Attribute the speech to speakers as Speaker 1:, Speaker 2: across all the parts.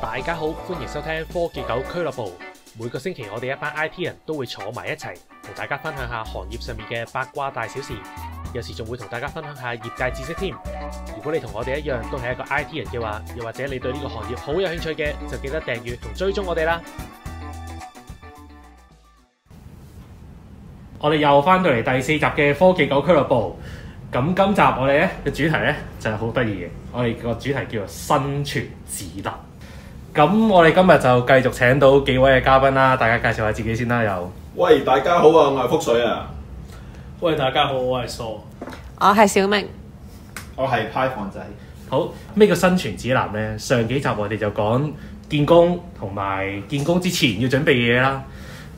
Speaker 1: 大家好，歡迎收聽科技狗俱樂部。每個星期，我哋一班 I T 人都會坐埋一齊，同大家分享下行業上面嘅八卦大小事。有時仲會同大家分享下業界知識添。如果你同我哋一樣都係一個 I T 人嘅話，又或者你對呢個行業好有興趣嘅，就記得訂閱同追蹤我哋啦。我哋又翻到嚟第四集嘅科技狗俱樂部。咁今集我哋咧嘅主題咧就係好得意嘅，我哋個主題叫做生存指南。咁我哋今日就繼續請到幾位嘅嘉賓啦，大家介紹下自己先啦。又
Speaker 2: 喂，大家好啊，我係福水啊。喂，大家好，我係蘇，
Speaker 3: 我係小明，我係 Python 仔。
Speaker 1: 好，咩叫生存指南呢？上幾集我哋就講建工同埋建工之前要準備嘢啦。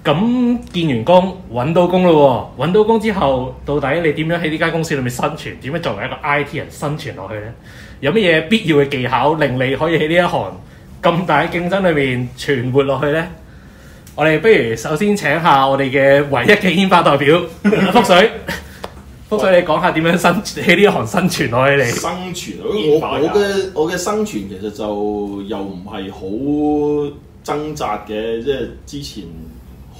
Speaker 1: 咁建完工，揾到工咯喎，揾到工之後，到底你點樣喺呢間公司裏面生存？點樣作為一個 IT 人生存落去呢？有乜嘢必要嘅技巧令你可以喺呢一行？咁大競爭裏面存活落去咧，我哋不如首先請下我哋嘅唯一嘅煙花代表 福水。 福水，你講下點樣生喺呢行生存落去。你我生存，我我嘅
Speaker 2: 我嘅生存其實就又唔係好掙扎嘅，即係之前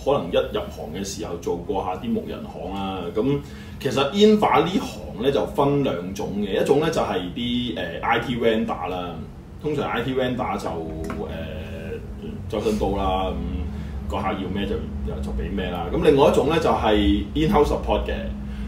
Speaker 2: 可能一入行嘅時候做過下啲牧人行啊。咁其實煙花呢行咧就分兩種嘅，一種咧就係啲誒 IT vendor 啦。通常 IT vendor 就誒，周、呃、身到啦，咁、嗯、個客要咩就就俾咩啦。咁另外一種咧就係、是、in-house support 嘅，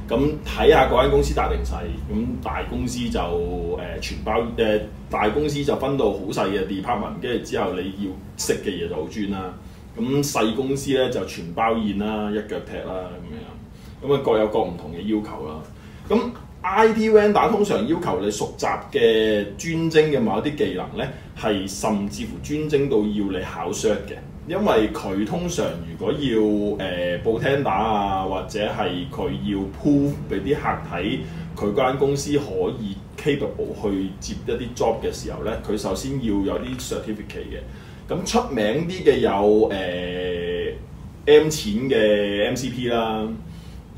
Speaker 2: 咁睇下嗰間公司大定細，咁、嗯、大公司就誒、呃、全包，誒、呃、大公司就分到好細嘅 department，跟住之後你要識嘅嘢就好專啦。咁、嗯、細公司咧就全包宴啦，一腳踢啦咁樣。咁、嗯、啊各有各唔同嘅要求啦。咁、嗯 IT vendor 通常要求你熟習嘅專精嘅某一啲技能咧，係甚至乎專精到要你考 cert 嘅，因為佢通常如果要誒、呃、報聽打啊，或者係佢要 prove 俾啲客睇佢間公司可以 capable 去接一啲 job 嘅時候咧，佢首先要有啲 certificate 嘅。咁出名啲嘅有誒、呃、M 錢嘅 MCP 啦。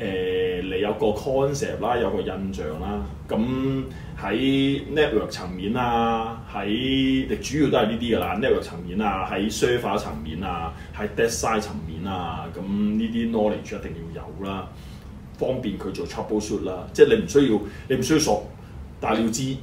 Speaker 2: 誒、呃，你有個 concept 啦，有個印象啦，咁喺 network 層面啊，喺你主要都係呢啲噶啦，network 層面啊，喺 server 層面啊，喺 design 層面啊，咁呢啲 knowledge 一定要有啦，方便佢做 trouble shoot 啦，即係你唔需要，你唔需要熟，但係你要知，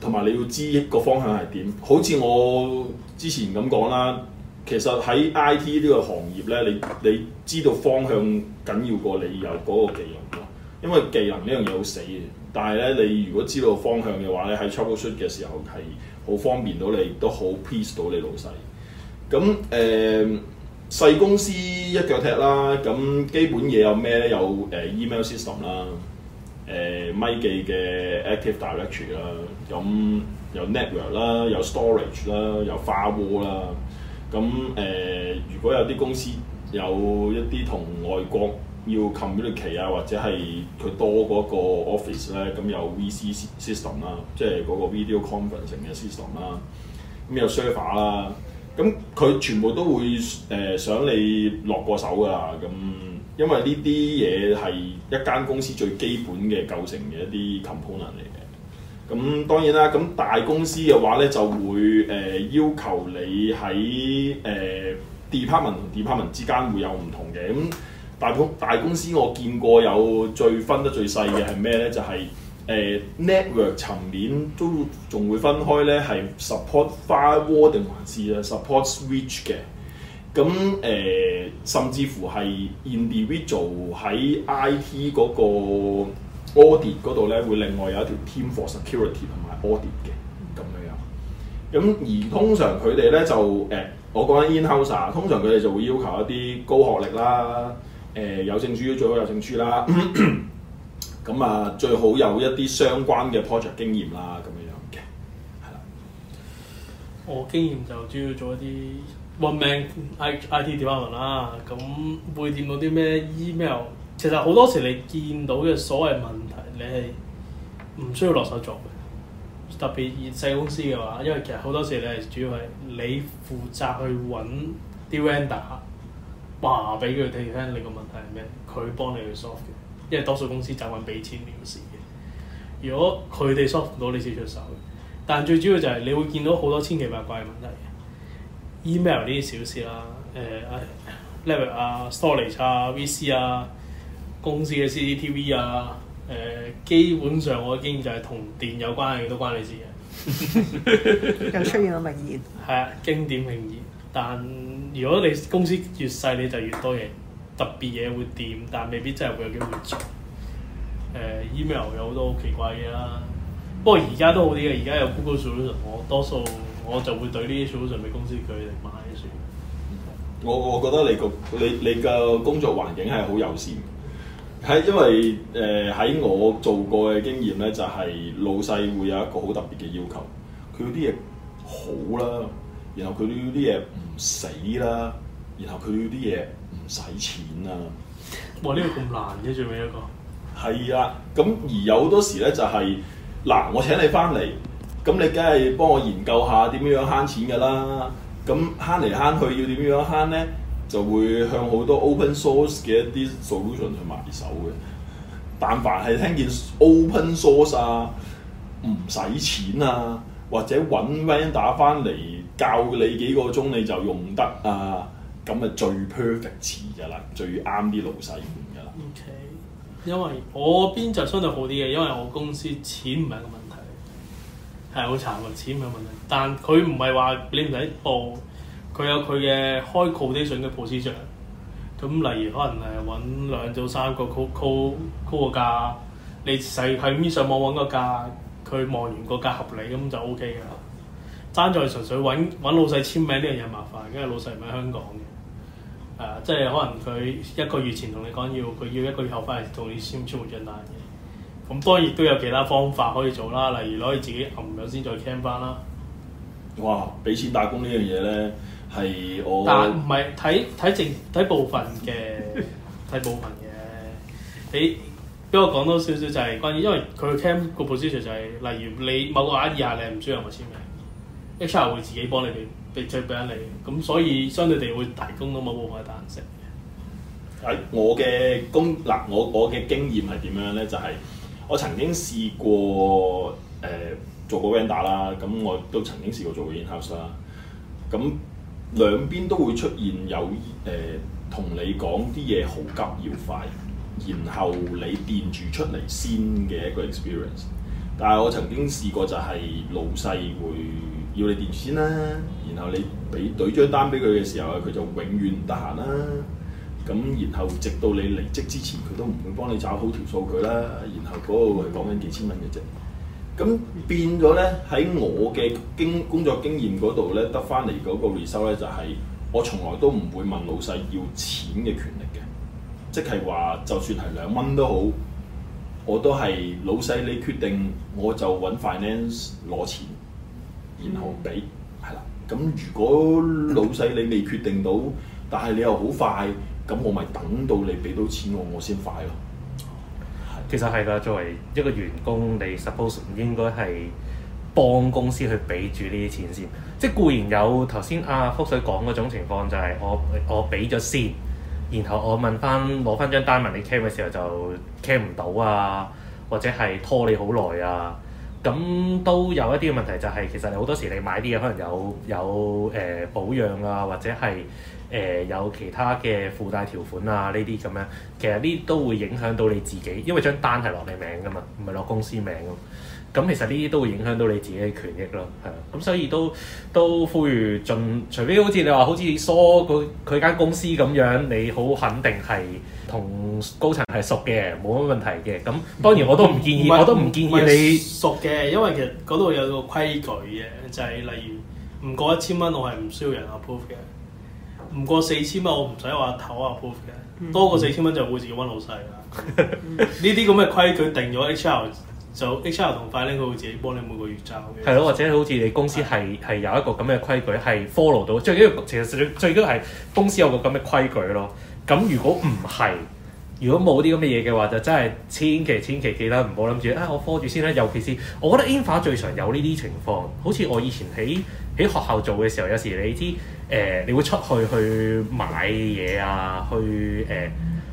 Speaker 2: 同埋你要知個方向係點，好似我之前咁講啦。其實喺 I.T. 呢個行業咧，你你知道方向緊要過你有嗰個技能咯，因為技能呢樣嘢好死嘅。但係咧，你如果知道方向嘅話咧，喺 troubleshoot 嘅時候係好方便到你，都好 please 到你老細。咁誒細公司一腳踢啦。咁基本嘢有咩咧？有誒 email system 啦，誒米記嘅 Active Directory 啦，咁有 network 啦，有 storage 啦，有 firewall 啦。咁誒、呃、如果有啲公司有一啲同外國要 communicate 啊，或者係佢多個 office 咧，咁有 VC system 啦，即係個 video conferencing 嘅 system 啦、啊，咁、嗯、有 server 啦、啊，咁佢全部都會誒、呃、想你落過手㗎，咁、啊嗯、因為呢啲嘢係一間公司最基本嘅構成嘅一啲 component 嚟。咁當然啦，咁大公司嘅話咧就會誒、呃、要求你喺誒、呃、department 同 department 之間會有唔同嘅。咁大公大公司我見過有最分得最細嘅係咩咧？就係、是、誒、呃、network 層面都仲會分開咧，係 support firewall 定還是啊 support switch 嘅。咁誒、呃、甚至乎係 individual 喺 IT 嗰、那個。Audio 嗰度咧會另外有一條 Team for Security 同埋 Audio 嘅咁樣樣，咁而通常佢哋咧就誒我講緊 i n h o s u r e 通常佢哋就會要求一啲高學歷啦，誒、呃、有證書要最好有證書啦，咁啊最好有一啲相關嘅 project 經驗啦咁樣樣嘅，係
Speaker 4: 啦。我經驗就主要做一啲運 n I I T Department 啦，咁會掂到啲咩 email？其實好多時你見到嘅所謂問。你係唔需要落手做嘅，特別而細公司嘅話，因為其實好多時你係主要係你負責去揾啲 vendor，話俾佢聽，聽，你個問題係咩？佢幫你去 sort 嘅。因為多數公司就揾俾錢了事嘅。如果佢哋 sort 唔到你，你少出手。但最主要就係你會見到好多千奇百怪嘅問題 ，email 呢啲小事啦，誒、呃哎、laptop 啊、storage 啊、V C 啊、公司嘅 C C T V 啊。誒、uh, 基本上我嘅經驗就係同電有關嘅都關你事嘅， 又出現咗名言。係 啊，經典名言。但如果你公司越細，你就越多嘢特別嘢會掂，但未必真係會有機會做。誒、呃、email 有好多好奇怪嘅啦，不過而家都好啲嘅，而家有 Google Solution、er、我多數我就會對呢啲 solution 俾公司佢嚟買算。
Speaker 2: 我我覺得你個你你嘅工作環境係好友善。係，因為誒喺、呃、我做過嘅經驗咧，就係、是、老細會有一個好特別嘅要求，佢要啲嘢好啦，然後佢要啲嘢唔死啦，然後佢要啲嘢唔使錢啦。
Speaker 4: 哇！呢、這個咁難嘅 最尾一個。
Speaker 2: 係啊，咁而有好多時咧就係、是、嗱，我請你翻嚟，咁你梗係幫我研究下點樣慳錢㗎啦。咁慳嚟慳去要點樣慳咧？就會向好多 open source 嘅一啲 solution 去埋手嘅，但凡係聽見 open source 啊，唔使錢啊，或者揾 vendor 翻嚟教你幾個鐘你就用得啊，咁咪最 perfect 嘅啦，最啱啲老細用嘅啦。
Speaker 4: OK，因為我邊就相對好啲嘅，因為我公司錢唔係一個問題，係好慘啊，錢唔係問題，但佢唔係話你唔使賠。佢有佢嘅開 condition 嘅 procedure，咁例如可能誒揾兩組三個 call call call 個價，你使喺上網揾個價，佢望完個價合理，咁就 O K 嘅，爭在純粹揾老細簽名呢樣嘢麻煩，因為老細唔喺香港嘅，誒、啊、即係可能佢一個月前同你講要佢要一個月後翻嚟同你簽簽合同單嘅，咁、啊、當然都有其他方法可以做啦，例如攞住自己鈎咁先再傾翻啦。
Speaker 2: 哇！俾錢打工呢樣嘢咧～係我，但
Speaker 4: 唔係睇睇淨睇部分嘅，睇部分嘅。你俾我講多少少就係關於，因為佢聽個 position 就係、是，例如你某個 idea 下你唔需要我簽名，HR 會自己幫你哋，俾出俾你。咁所以相對地會提供到某個彈性
Speaker 2: 嘅。喺我嘅工嗱，我我嘅經驗係點樣咧？就係、是、我曾經試過誒、呃、做過 vendor 啦，咁、嗯、我都曾經試過做過 in-house 啦，咁、嗯。兩邊都會出現有誒、呃、同你講啲嘢好急要快，然後你墊住出嚟先嘅一個 experience。但係我曾經試過就係、是、老細會要你墊住先啦，然後你俾隊張單俾佢嘅時候，佢就永遠唔得閒啦。咁然後直到你離職之前，佢都唔會幫你找好條數據啦。然後嗰個係講緊幾千蚊嘅啫。咁變咗咧，喺我嘅經工作經驗嗰度咧，得翻嚟嗰個 result 咧，就係我從來都唔會問老細要錢嘅權力嘅，即係話就算係兩蚊都好，我都係老細你決定，我就揾 finance 攞錢，然後俾係啦。咁如果老細你未決定到，但係你又好快，咁我咪等到你俾到錢我，我先快咯。其實係㗎，作為一個員工，你
Speaker 1: suppose 唔應該係幫公司去俾住呢啲錢先。即係固然有頭先阿福水講嗰種情況，就係我我俾咗先，然後我問翻攞翻張單問你 claim 嘅時候就 claim 唔到啊，或者係拖你好耐啊。咁都有一啲嘅問題，就係，就係其實你好多時你買啲嘢可能有有誒、呃、保養啊，或者係。誒、呃、有其他嘅附帶條款啊，呢啲咁樣，其實呢都會影響到你自己，因為張單係落你名噶嘛，唔係落公司名咁。咁其實呢啲都會影響到你自己嘅權益咯，係咁、嗯、所以都都呼籲盡，除非好似你話好似疏佢佢間公司咁樣，你好肯定係同高層係熟嘅，冇乜問題嘅。咁當然我都唔建議，是我都唔建議你
Speaker 4: 熟嘅，因為其實嗰度有個規矩嘅，就係、是、例如唔過一千蚊，我係唔需要人 approve 嘅。唔過四千蚊，我唔使話投啊 p 嘅。多過四千蚊就會自己揾老細啦。呢啲咁嘅規矩定咗，HR 就 HR 同快咧，佢會自己幫你每個月揸嘅。係咯，或
Speaker 1: 者好似你公司係係有一個咁嘅規矩係 follow 到，最緊要其實最緊要係公司有個咁嘅規矩咯。咁如果唔係，如果冇啲咁嘅嘢嘅話，就真係千祈千祈記得唔好諗住啊！我 follow 住先啦。尤其是我覺得 in 法最常有呢啲情況，好似我以前喺喺學校做嘅時候，有時你知。誒、呃，你會出去去買嘢啊？去誒、呃，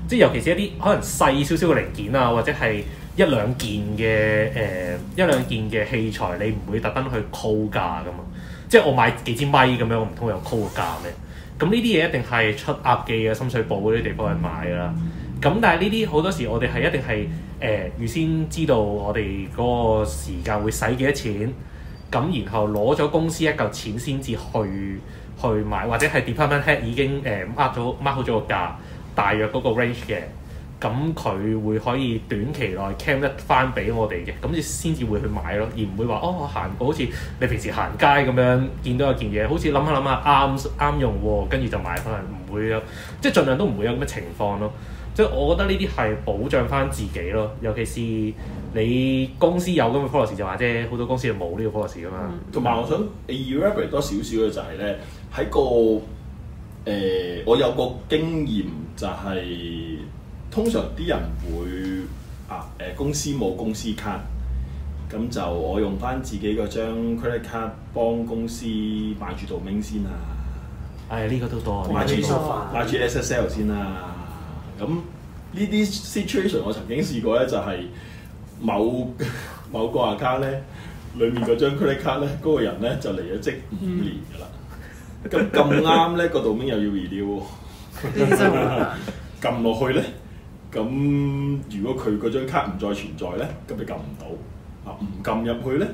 Speaker 1: 即係尤其是一啲可能細少少嘅零件啊，或者係一兩件嘅誒、呃，一兩件嘅器材，你唔會特登去 call 價噶嘛？即係我買幾支咪咁樣，我唔通有 call 價咩？咁呢啲嘢一定係出鴨記嘅深水埗嗰啲地方去買啦。咁但係呢啲好多時，我哋係一定係誒預先知道我哋嗰個時間會使幾多錢，咁然後攞咗公司一嚿錢先至去。去買或者係 department head 已經誒 mark 咗 mark 好咗個價，大約嗰個 range 嘅，咁佢會可以短期內 claim 得翻俾我哋嘅，咁你先至會去買咯，而唔會話哦行好似你平時行街咁樣見到有件嘢，好似諗下諗下啱啱用喎，跟住就買翻嚟，唔會有即係盡量都唔會有咁嘅情況咯。即係我覺得呢啲係保障翻自己咯，尤其是你公司有咁嘅 policy 就話啫，好多公司係冇呢個 policy 噶嘛。同埋、嗯、我想
Speaker 2: 你 overlap 多少少嘅就係、是、咧。喺個誒、呃，我有個經驗就係、是、通常啲人會啊誒、呃，公司冇公司卡，咁就我用翻自己嗰張 credit card 幫公司買住 domain 先啦、啊。係呢、哎這個都多買住 shop 買住 SSL 先啦、啊。咁呢啲 situation 我曾經試過咧，就係、是、某某個 account 咧，裡面嗰張 credit card 咧，嗰、那個人咧就嚟咗職五年㗎啦。嗯咁咁啱咧，那個道兵又要 reveal 喎，撳 落去咧，咁如果佢嗰張卡唔再存在咧，咁你撳唔到，啊唔撳入去咧，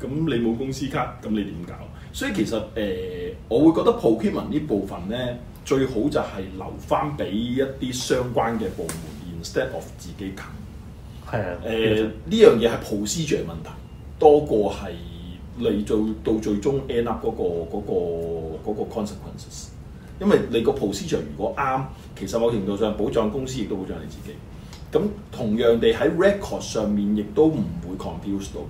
Speaker 2: 咁你冇公司卡，咁你點搞？所以其實誒、呃，我會覺得 procurement 呢部分咧，最好就係留翻俾一啲相關嘅部門，instead of 自己撳。係啊，誒呢樣嘢係 procedure 問題多過係。嚟做到最終 end up 嗰個嗰 consequences，因為你個 proposal 如果啱，其實某程度上保障公司亦都保障你自己。咁同樣地喺 record 上面亦都唔會 confuse 到。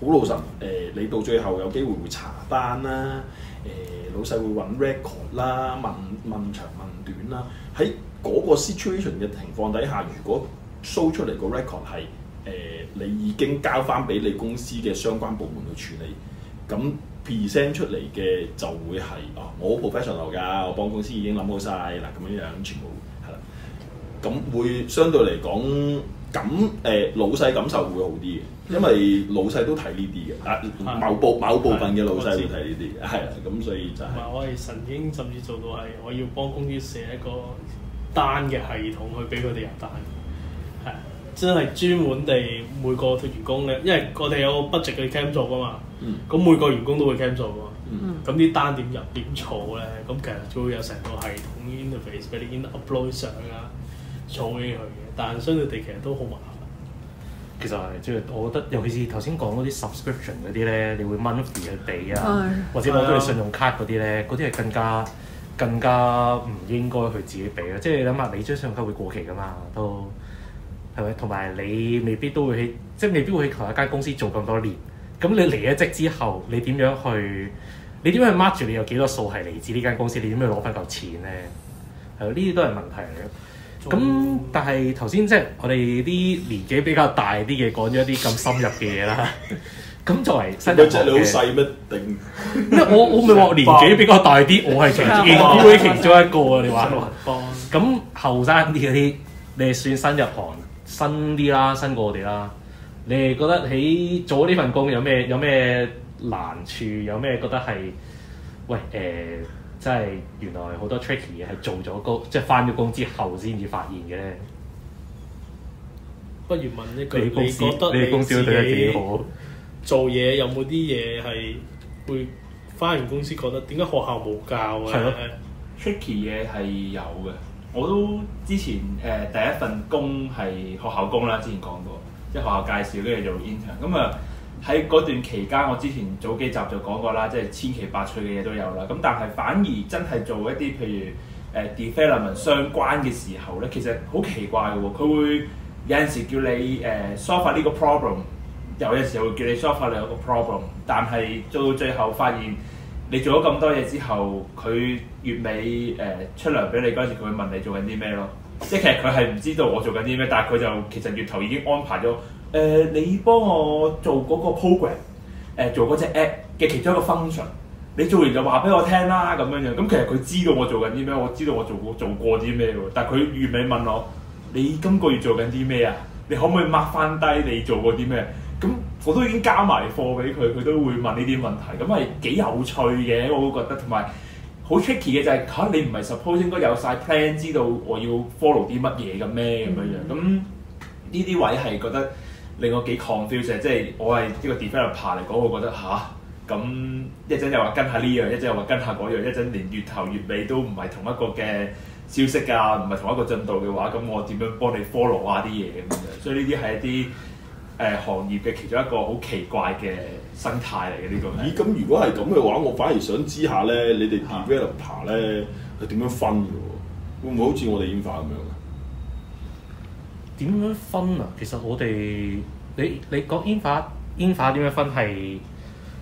Speaker 2: 好老實，誒、呃、你到最後有機會會查單啦，誒、呃、老細會揾 record 啦，問問長問短啦。喺嗰個 situation 嘅情況底下，如果 show 出嚟個 record 係誒、呃、你已經交翻俾你公司嘅相關部門去處理。咁 present 出嚟嘅就會係啊，我好 professional 㗎，我幫公司已經諗好晒，嗱，咁樣樣全部係啦。咁會相對嚟講，感誒老細感受會好啲嘅，因為老細都睇呢啲嘅啊。某部某部分嘅老細都睇呢啲係啦，咁所以就係我係
Speaker 4: 曾經甚至做到係我要幫公司寫一個單嘅系統去俾佢哋入單，係真係專門地每個員工嘅，因為我哋有個 budget 去 cam 做㗎嘛。咁、嗯、每個員工都會 cancel 喎，咁啲、嗯、單點入點儲咧？咁其實就會有成個系統 interface 俾你 upload 上啊，儲起佢嘅。但相對地，其實都好麻煩。
Speaker 1: 其實係，即係我覺得，尤其是頭先講嗰啲 subscription 嗰啲咧，你會 monthly 去俾啊，的或者攞咗啲信用卡嗰啲咧，嗰啲係更加更加唔應該去自己俾咯。即係你諗下，你張信用卡會過期噶嘛，都係咪？同埋你未必都會去，即係未必會喺同一間公司做咁多年。咁你離咗職之後，你點樣去？你點樣去 mark 住你有幾多數係嚟自呢間公司？你點樣攞翻嚿錢咧？係呢啲都係問題嚟嘅。咁但係頭先即係我哋啲年紀比較大啲嘅講咗一啲咁深入嘅嘢啦。咁作為新入行你好
Speaker 2: 細咩定？因
Speaker 1: 為我我咪話年紀比較大啲，我係其， 其中，一個啊？你話？咁後生啲嗰啲，你係算新入行新啲啦，新過我哋啦。你哋覺得喺做呢份工有咩有咩難處？有咩覺得係喂誒、呃，真係原來好多 tricky 嘢係做咗工，即係返咗工之後先至發現嘅咧。
Speaker 4: 不如問呢句，你，你覺得你哋公司自己做嘢有冇啲嘢係會返完公司覺得點解學校冇
Speaker 3: 教咧？tricky 嘢係有嘅。我都之前誒、呃、第一份工係學校工啦，之前講過。啲學校介紹跟住做 intern，咁啊喺嗰段期間，我之前早幾集就講過啦，即係千奇百趣嘅嘢都有啦。咁但係反而真係做一啲譬如誒、呃、development 相關嘅時候咧，其實好奇怪嘅喎，佢會有陣時叫你誒 solve 呢個 problem，有陣時會叫你 solve 另一個 problem，但係做到最後發現你做咗咁多嘢之後，佢月尾誒、呃、出糧俾你嗰陣時，佢會問你做緊啲咩咯？即係其實佢係唔知道我做緊啲咩，但係佢就其實月頭已經安排咗誒、呃，你幫我做嗰個 program，誒、呃、做嗰隻 app 嘅其中一個 function，你做完就話俾我聽啦咁樣樣。咁其實佢知道我做緊啲咩，我知道我做，做過做過啲咩喎。但係佢月尾問我，你今個月做緊啲咩啊？你可唔可以 mark 翻低你做過啲咩？咁我都已經加埋貨俾佢，佢都會問呢啲問題，咁係幾有趣嘅，我都覺得同埋。好 tricky 嘅就係、是、嚇、啊，你唔係 suppose 應該有晒 plan，知道我要 follow 啲乜嘢嘅咩咁樣樣？咁呢啲位係覺得令我幾 confused，即係、嗯、我係一個 developer 嚟講，我覺得吓，咁、啊、一陣又話跟下呢樣，一陣又話跟下嗰樣，一陣連月頭月尾都唔係同一個嘅消息㗎、啊，唔係同一個進度嘅話，咁我點樣幫你 follow 下啲嘢咁樣？所以呢啲係一啲誒、呃、行業嘅其中一個好奇
Speaker 2: 怪嘅。生態嚟嘅呢個，咦、嗯？咁如果係咁嘅話，我反而想知下咧，你哋 developer 咧係點樣分嘅？嗯、會唔會好似我哋煙花咁樣啊？
Speaker 1: 點樣分啊？其實我哋你你講煙花煙花點樣分係，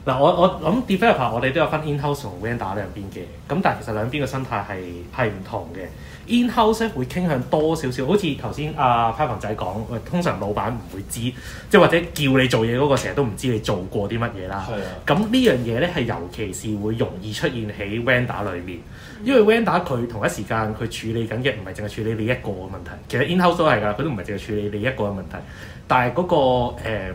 Speaker 1: 嗱，我我諗 developer 我哋 develop、er、都有分 in-house 同 vendor 兩邊嘅，咁但係其實兩邊嘅生態係係唔同嘅。In-house 咧會傾向多少少，好似頭先阿派朋仔講，通常老闆唔會知，即係或者叫你做嘢嗰個成日都唔知你做過啲乜嘢啦。係啊的，咁呢樣嘢咧係尤其是會容易出現喺 vendor 裏面，因為 vendor 佢同一時間佢處理緊嘅唔係淨係處理你一個嘅問題，其實 in-house 都係㗎，佢都唔係淨係處理你一個嘅問題。但係嗰、嗰個、呃、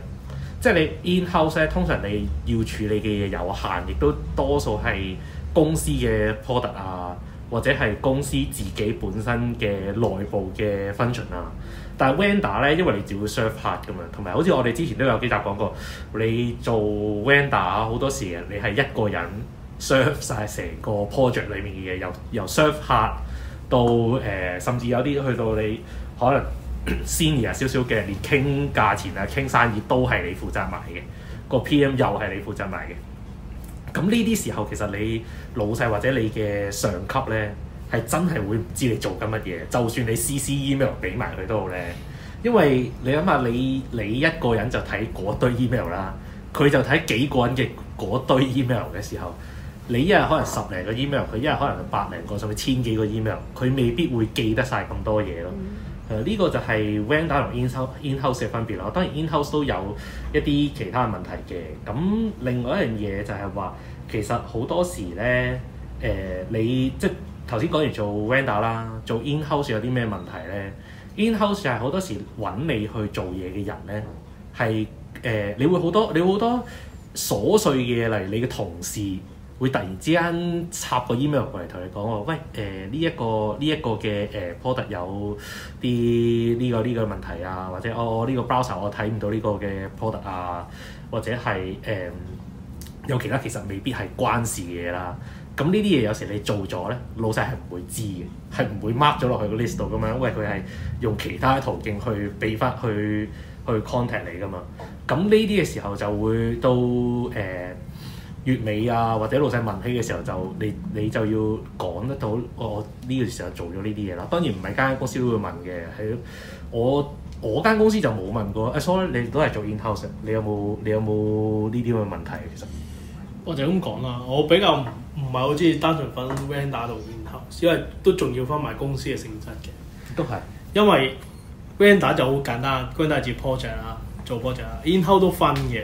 Speaker 1: 即係你 in-house 咧，通常你要處理嘅嘢有限，亦都多數係公司嘅 product 啊。或者係公司自己本身嘅內部嘅 function 啊，但係 vendor 咧，因為你只會 serve 客㗎嘛，同埋好似我哋之前都有幾集講過，你做 vendor 好多時，你係一個人 serve 晒成個 project 裡面嘅嘢，由由 serve 客到誒、呃，甚至有啲去到你可能 senior 少少嘅，你傾價錢啊、傾生意都係你負責埋嘅，個 PM 又係你負責埋嘅。咁呢啲時候，其實你老細或者你嘅上級咧，係真係會唔知你做緊乜嘢。就算你 CC email 俾埋佢都好咧，因為你諗下，你你一個人就睇嗰堆 email 啦，佢就睇幾個人嘅嗰堆 email 嘅時候，你一日可能十零個 email，佢一日可能百零個，甚至千幾個 email，佢未必會記得晒咁多嘢咯。誒呢個就係 vendor 同 in-house 嘅分別啦。當然 in-house 都有一啲其他嘅問題嘅。咁另外一樣嘢就係話，其實好多時咧誒、呃，你即係頭先講完做 vendor 啦，做 in-house 有啲咩問題咧？in-house 係好多時揾你去做嘢嘅人咧，係誒、呃，你會好多你好多瑣碎嘅嘢嚟，你嘅同事。會突然之間插個 email 過嚟同你講話，喂，誒呢一個呢一、這個嘅誒、呃、product 有啲呢、這個呢、這個問題啊，或者哦，呢、這個 browser 我睇唔到呢個嘅 product 啊，或者係誒、呃、有其他其實未必係關事嘅嘢啦。咁呢啲嘢有時你做咗咧，老細係唔會知嘅，係唔會 mark 咗落去個 list 度咁樣。因為，佢係用其他途徑去俾翻去去 contact 你㗎嘛。咁呢啲嘅時候就會到誒。呃月尾啊，或者老細問起嘅時候，就你你就要講得到。我、哦、呢、這個時候做咗呢啲嘢啦。當然唔係間間公司都會問嘅。喺我我間公司就冇問過。誒、哎，sorry，你都係做 in-house 嘅，你有冇你有冇呢啲咁嘅問題、啊？其實
Speaker 4: 我就咁講啦，我比較唔唔係好中意單純分 vendor 同 in-house，因為都仲要翻埋公司嘅性質嘅。都係是因為 vendor 就好簡單，vendor 接 project 啦，做 project。in-house 都分嘅。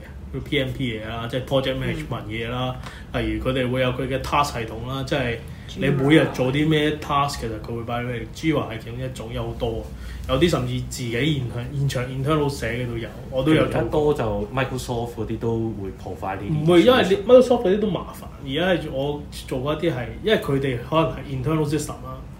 Speaker 4: PMP 嘢啦，即係 project management 嘢啦。例如佢哋會有佢嘅 task 系統啦，即係你每日做啲咩 task，其實佢會擺俾你。Jira 係其中一種，有好多，有啲甚至自己現場現場 internal 寫嘅都有，我都有。得多就 Microsoft 啲都會破快啲。唔會，因為 Microsoft 啲都麻煩，而家係我做一啲係，因為佢哋可能係 internal system 啊。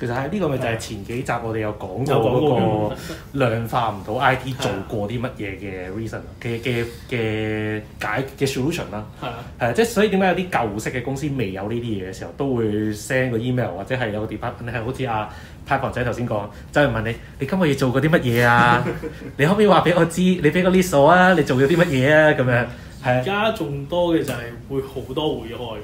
Speaker 1: 其實喺呢個咪就係前幾集我哋有講過嗰個量化唔到 IT 做過啲乜嘢嘅 reason 嘅嘅嘅解嘅 solution 啦，係啊，係 啊樂，即係所以點解有啲舊式嘅公司未有呢啲嘢嘅時候，都會 send 個 email 或者係有個 department 係好似阿 Patrick 仔頭先講，就係、是、問你你今個月做過啲乜嘢啊？你可唔可以話俾我知？你俾個 list 我啊？你做咗啲乜嘢啊？咁樣
Speaker 4: 係啊，而家仲多嘅就係會好多會開。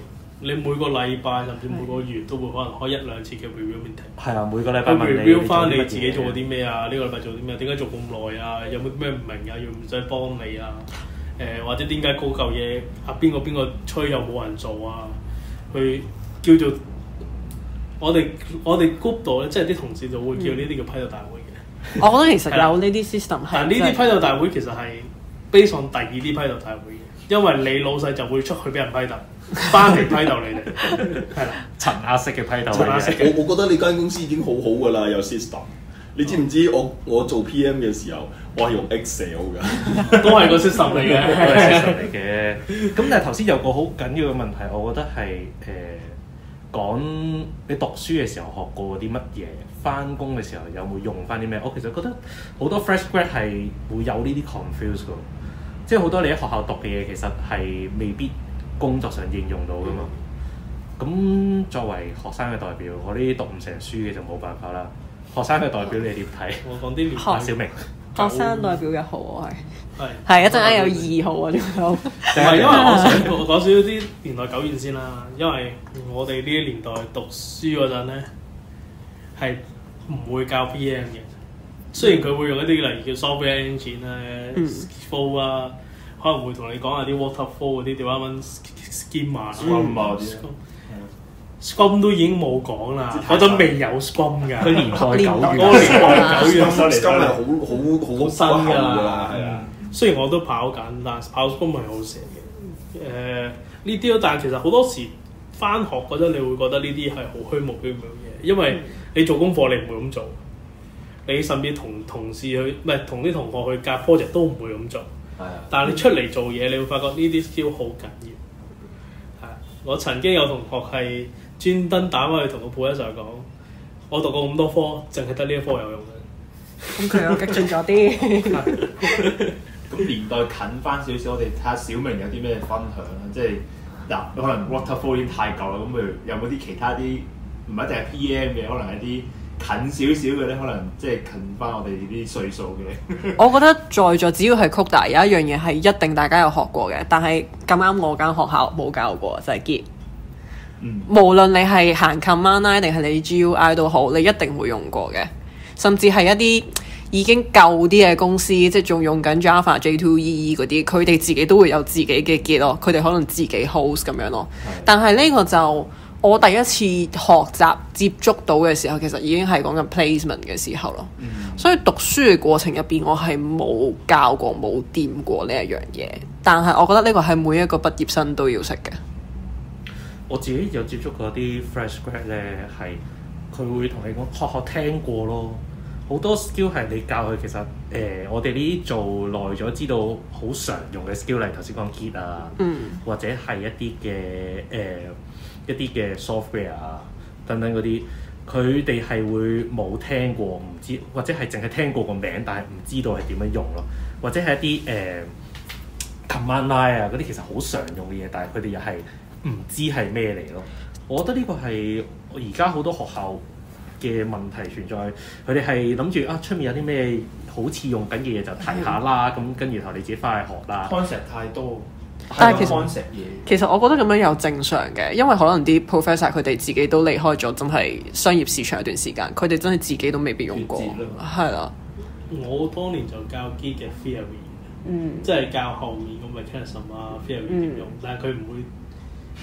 Speaker 4: 你每個禮拜甚至每個月都會可能開一兩次嘅 review meeting。啊， 每個禮拜 review 翻你，你自己做咗啲咩啊？呢 個禮拜做啲咩？點解做咁耐啊？有冇咩唔明啊？要唔使幫你啊？誒、呃，或者點解嗰嚿嘢啊，邊個邊個吹？又冇人做啊？去叫做我哋我哋 group 度咧，即係啲同事就會叫呢啲叫批鬥大會嘅。嗯、 我覺得
Speaker 5: 其實有呢啲
Speaker 4: system 係。 但呢啲批鬥大會其實係悲送第二啲批鬥大會嘅，因為你老細就會出去俾人批鬥。翻嚟批鬥你哋，係啦， 陳亞色嘅批
Speaker 2: 鬥嚟嘅。阿的我我覺得你間公司已經好好㗎啦，有 system。你知唔知我、oh. 我，我做 PM 嘅時候，我係用 Excel 㗎， 都係個 system 嚟嘅。都係個 system 嚟嘅。咁但係頭
Speaker 1: 先有個好緊要嘅問題，我覺得係誒、呃、講你讀書嘅時候學過啲乜嘢，翻工嘅時候有冇用翻啲咩？我其實覺得好多 fresh grad 係會有呢啲 confuse 㗎，即係好多你喺學校讀嘅嘢，其實係未必。工作上應用到㗎嘛？咁作為學生嘅代表，我呢啲讀唔成書嘅就冇辦法啦。學生嘅代表你點睇？ 我講啲年代生、啊、小明，
Speaker 5: 學生代表嘅是 號我係係一陣間有二號啊！呢
Speaker 4: 度唔係因為我想講少少啲年代久遠先啦，因為我哋呢啲年代讀書嗰陣咧係唔會教 PM 嘅，雖然佢會用一啲例如叫 software engineering 啊、Flow 啊。嗯可能會同你講下啲 waterfall 嗰啲 development schema，schema，schema 都已經冇講啦，我都未有 schema 㗎，佢年曆九月，嗰年曆九月嚟都係好好好新㗎。係啊，雖然我都跑緊，但係跑 schema 唔係好成嘅。誒呢啲咯，但係其實好多時翻學嗰陣，你會覺得呢啲係好虛無縹緲嘅嘢，因為你做功課你唔會咁做，你甚至同同事去唔係同啲同學去搞 project 都唔會咁做。但係你出嚟做嘢，你會發覺呢啲 skill 好緊要。係，我曾經有同學係專登打翻去同個 professor
Speaker 3: 講，我讀過咁多科，淨係得呢一科有用
Speaker 5: 嘅。咁佢又激進
Speaker 3: 咗啲。咁年代近翻少少，我哋睇下小明有啲咩分享啦。即係嗱，可能 waterfall 已經太舊啦。咁佢有冇啲其他啲，唔一定係 PM 嘅，可能係啲。近少少嘅
Speaker 5: 咧，可能即係近翻我哋啲歲數嘅。 我覺得在座只要係 coder，有一樣嘢係一定大家有學過嘅，但係咁啱我間學校冇教過就係、是、Git。嗯，無論你係行近 command 定係你 G U I 都好，你一定會用過嘅。甚至係一啲已經舊啲嘅公司，即係仲用緊 Java J2EE 嗰啲，佢哋自己都會有自己嘅 Git 咯。佢哋可能自己 host 咁樣咯。是但係呢個就。我第一次學習接觸到嘅時候，其實已經係講緊 placement 嘅時候咯。嗯、所以讀書嘅過程入邊，我係冇教過、冇掂過呢一樣嘢。但係我覺得呢個係每一個畢業生都要識嘅。
Speaker 1: 我自己有接觸過啲 fresh grad 咧，係佢會同你講學學聽過咯。好多 skill 係你教佢，其實誒、呃，我哋呢啲做耐咗，知道好常用嘅 skill 例如，頭先講 Git 啊，嗯，或者係一啲嘅誒。呃一啲嘅 software 啊，等等嗰啲，佢哋係會冇聽過唔知，或者係淨係聽過個名，但係唔知道係點樣用咯，或者係一啲誒、呃、command line 啊嗰啲，其實好常用嘅嘢，但係佢哋又係唔知係咩嚟咯。我覺得呢個係而家好多學校嘅問題存在，佢哋係諗住啊出面，有啲咩好似用緊嘅嘢就睇下啦，咁跟住然後你自己翻去學啦。concept 太多。但係其實
Speaker 4: 係
Speaker 5: 其實我覺得咁樣有正常嘅，因為可能啲 professor 佢哋自己都離開咗，真係商業市場一段時間，佢哋真係自己都未必用過。係啦，
Speaker 4: 的我當年就教啲嘅 theory，嗯，即係教後面咁嘅 concept 啊，theory 點、嗯、用，但係佢唔會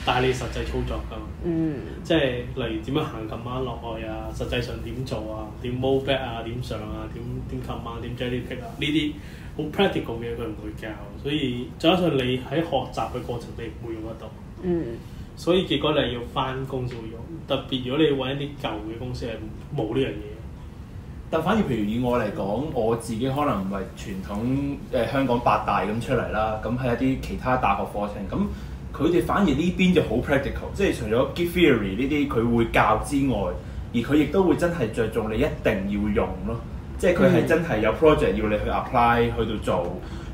Speaker 4: 帶你實際操作㗎嘛。嗯，即係例如點樣行咁晚落去啊，實際上點做啊，點 move back 啊，點上啊，點點琴晚點 jelly pick 啊呢啲。好 practical 嘅佢唔會教，所以再加上你喺學習嘅過程你唔會用得到，嗯，所以結果你要返工先會用。特別如果你揾一啲舊
Speaker 3: 嘅公司係冇呢樣嘢。但反而譬如以我嚟講，我自己可能唔係傳統誒、呃、香港八大咁出嚟啦，咁喺一啲其他大學課程，咁佢哋反而呢邊就好 practical，即係除咗 give theory 呢啲佢會教之外，而佢亦都會真係着重你一定要用咯。即係佢係真係有 project 要你去 apply 去到做，誒、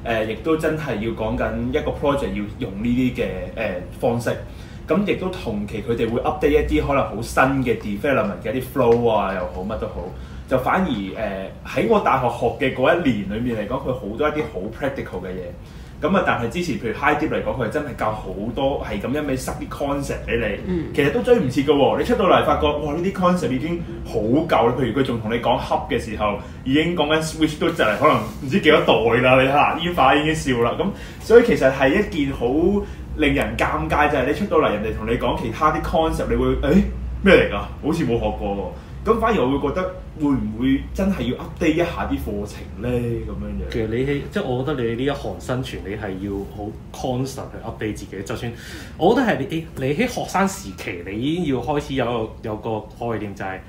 Speaker 3: 呃、亦都真係要講緊一個 project 要用呢啲嘅誒方式，咁、呃、亦都同期佢哋會 update 一啲可能好新嘅 development 嘅一啲 flow 啊又好乜都好，就反而誒喺、呃、我大學學嘅嗰一年裏面嚟講，佢好多一啲好 practical 嘅嘢。咁啊！但係之前譬如 High Dip 嚟講，佢係真係教好多係咁一味塞啲 concept 俾你，嗯、其實都追唔切㗎喎！你出到嚟發覺，哇！呢啲 concept 已經好舊啦。譬如佢仲同你講 Hub 嘅時候，已經講緊 Switch 都就嚟可能唔知幾多代啦。你吓呢塊已經笑啦。咁所以其實係一件好令人尷尬就係、是、你出到嚟，人哋同你講其他啲 concept，你會誒咩嚟㗎？好似冇學過喎。咁反而我會覺得會唔會真係要 update 一下啲課程咧
Speaker 1: 咁樣樣？其實你喺即係我覺得你呢一行生存，你係要好 constant 去 update 自己。就算我覺得係你，你喺學生時期，你已經要開始有有個概念，就係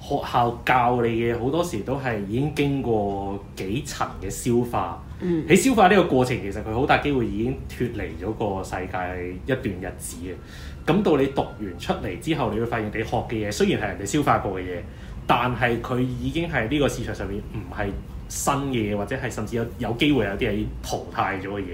Speaker 1: 學校教你嘅好多時都係已經經過幾層嘅消化。嗯，喺消化呢個過程，其實佢好大機會已經脫離咗個世界一段日子嘅。咁到你讀完出嚟之後，你會發現你學嘅嘢雖然係人哋消化過嘅嘢，但係佢已經係呢個市場上面唔係新嘅嘢，或者係甚至有有機會有啲係淘汰咗嘅嘢。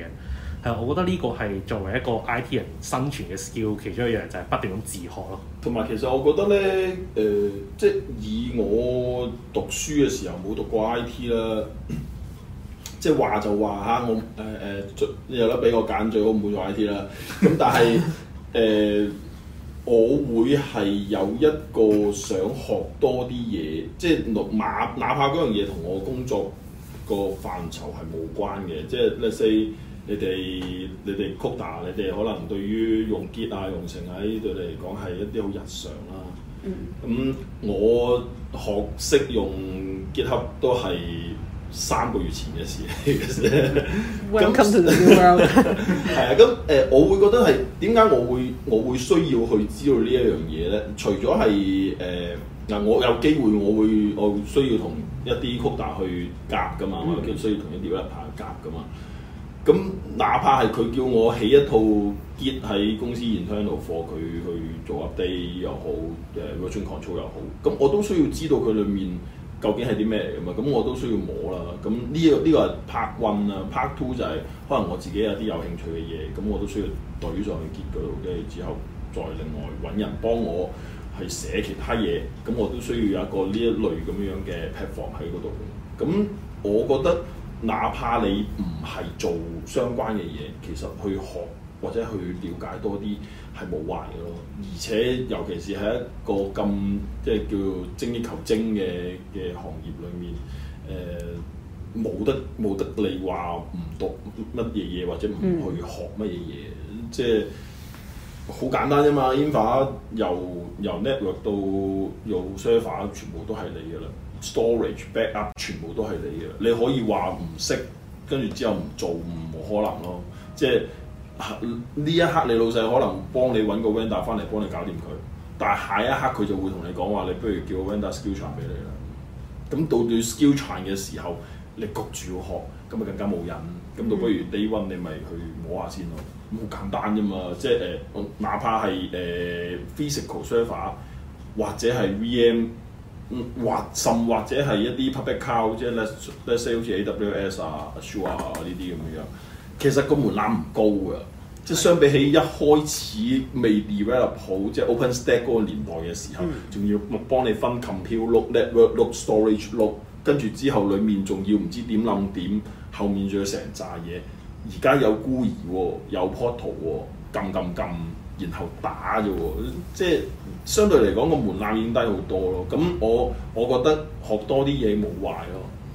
Speaker 1: 係，我覺得呢個係作為一個 I T 人生存嘅 skill，其中一樣就係不斷咁自學咯。
Speaker 2: 同埋其實我覺得咧，誒、呃，即係以我讀書嘅時候冇讀過 I T 啦，即係話就話嚇我誒誒、呃，有得俾我揀，最好唔會做 I T 啦。咁但係。 誒，uh, 我會係有一個想學多啲嘢，即係馬，哪怕嗰樣嘢同我工作個範疇係無關嘅，即係例如你哋你哋 Coda，你哋可能對於用 Git 啊用成啊，對你嚟講係一啲好日常啦。嗯，咁、嗯、我學識用 GitHub 都係。三個月前嘅事。咁 e l c o m e to the w o r l d 係啊，咁、嗯、誒，我會覺得係點解我會我會需要去知道呢一樣嘢咧？除咗係誒嗱，我有機會我會我會需要同一啲曲 u 去夾噶嘛，咁、嗯、需要同一啲 l i f 去夾噶嘛。咁、嗯、哪怕係佢叫我起一套結喺公司現倉度貨，佢去做入地又好，誒 recon control 又好，咁我都需要知道佢裡面。究竟係啲咩嚟㗎，咁我都需要摸啦。咁呢、這個呢、這個係 part one 啦，part two 就係、是、可能我自己有啲有興趣嘅嘢，咁我都需要堆上去結嗰度，跟住之後再另外揾人幫我係寫其他嘢，咁我都需要有一個呢一類咁樣嘅 platform 喺嗰度。咁我覺得，哪怕你唔係做相關嘅嘢，其實去學或者去了解多啲。係冇壞嘅咯，而且尤其是喺一個咁即係叫精益求精嘅嘅行業裏面，誒、呃、冇得冇得你話唔讀乜嘢嘢或者唔去學乜嘢嘢，嗯、即係好簡單啫嘛。Infra 由由 network 到用 server 全部都係你嘅啦，storage backup 全部都係你嘅，你可以話唔識，跟住之後唔做唔可能咯，即係。呢一刻你老細可能幫你揾個 vendor 翻嚟幫你搞掂佢，但係下一刻佢就會同你講話，你不如叫個 vendor Skill Train 俾你啦。咁到對 Skill Train 嘅時候，你焗住要學，咁咪更加冇癮。咁倒不如 Day One 你咪去摸下先咯。咁好簡單啫嘛，即係誒、呃，哪怕係誒、呃、Physical Server 或者係 VM，或甚或者係一啲 Public Cloud 即係 let say 好似 AWS 啊、Azure 啊呢啲咁樣。其實個門檻唔高嘅，即係相比起一開始未 develop 好，即係的 OpenStack 嗰個年代嘅時候，仲、嗯、要幫你分 compute、load network、load storage、load，跟住之後裡面仲要唔知點撚點，後面仲要成紮嘢。而家有孤兒喎，有 portal 喎、哦，撳撳撳，然後打啫喎，即係相對嚟講個門檻已經低好多咯。咁我我覺得學多啲嘢冇壞咯。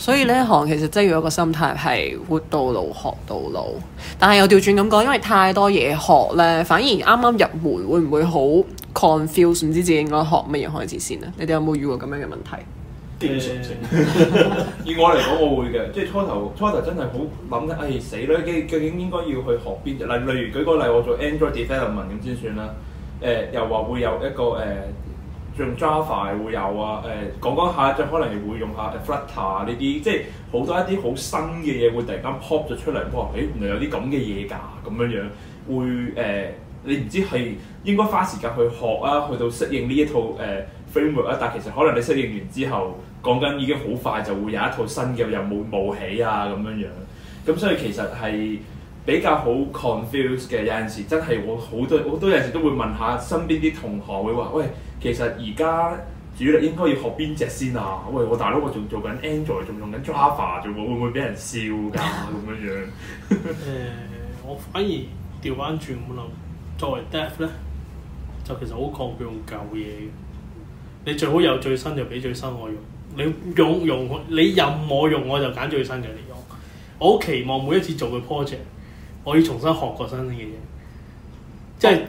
Speaker 5: 所以呢行其實真係要有一個心態係活到老學到老，但係又調轉咁講，因為太多嘢學咧，反而啱啱入門會唔會好 confuse，唔知自己應該學乜嘢開始先啊？你哋有冇遇過咁樣嘅問題？
Speaker 3: 正常、嗯， 以我嚟講我會嘅，即係初頭初頭真係好諗咧，唉、哎、死啦，究竟應該要去學邊？例例如舉個例，我做 Android development 咁先算啦。誒、呃、又話會有一個誒。呃用 Java 係會有、呃、有會啊，誒講講下，就可能會用下 Flutter 啊呢啲，即係好多一啲好新嘅嘢會突然間 pop 咗出嚟，咁話：，誒、哎、原來有啲咁嘅嘢㗎，咁樣樣會誒、呃、你唔知係應該花時間去學啊，去到適應呢一套誒 framework 啊。呃、Frame work，但其實可能你適應完之後，講緊已經好快就會有一套新嘅又冇冒起啊，咁樣樣咁，所以其實係比較好 confused 嘅。有陣時真係我好多好多有陣時都會問下身邊啲同學，會話：，喂！其實而家主力應該要學邊隻先啊？喂，我大佬，我仲做緊 Android，仲用緊 Java 啫喎，會唔會俾人笑㗎？咁樣樣。
Speaker 4: 誒，我反而調翻轉咁諗，作為 Dev 咧，就其實好抗拒用舊嘢嘅。你最好有最新就俾最新我用，你用用你任我用我就揀最新嘅嚟用。我好期望每一次做嘅 project，我要重新學過新嘅嘢，即係。嗯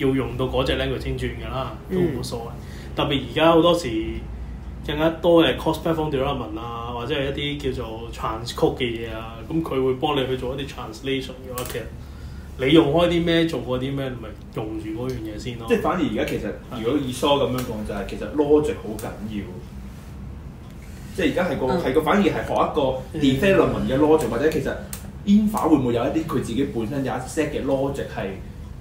Speaker 4: 要用到嗰隻 language 精鑽㗎啦，都冇所謂。嗯、特別而家好多時更加多係 cosplay from development 啊，或者係一啲叫做 transcode 嘅嘢啊，咁、嗯、佢會幫你去做一啲 translation 嘅話，其實你用開啲咩，做過啲咩，咪用住嗰樣嘢先咯。即係
Speaker 3: 反而而家其實，如果以蘇咁樣講就係、是，其實 logic 好緊要。即係而家係個係個，嗯、反而係學一個 development 嘅 logic、嗯、或者其實英法會唔會有一啲佢自己本身有一 set 嘅 logic 係？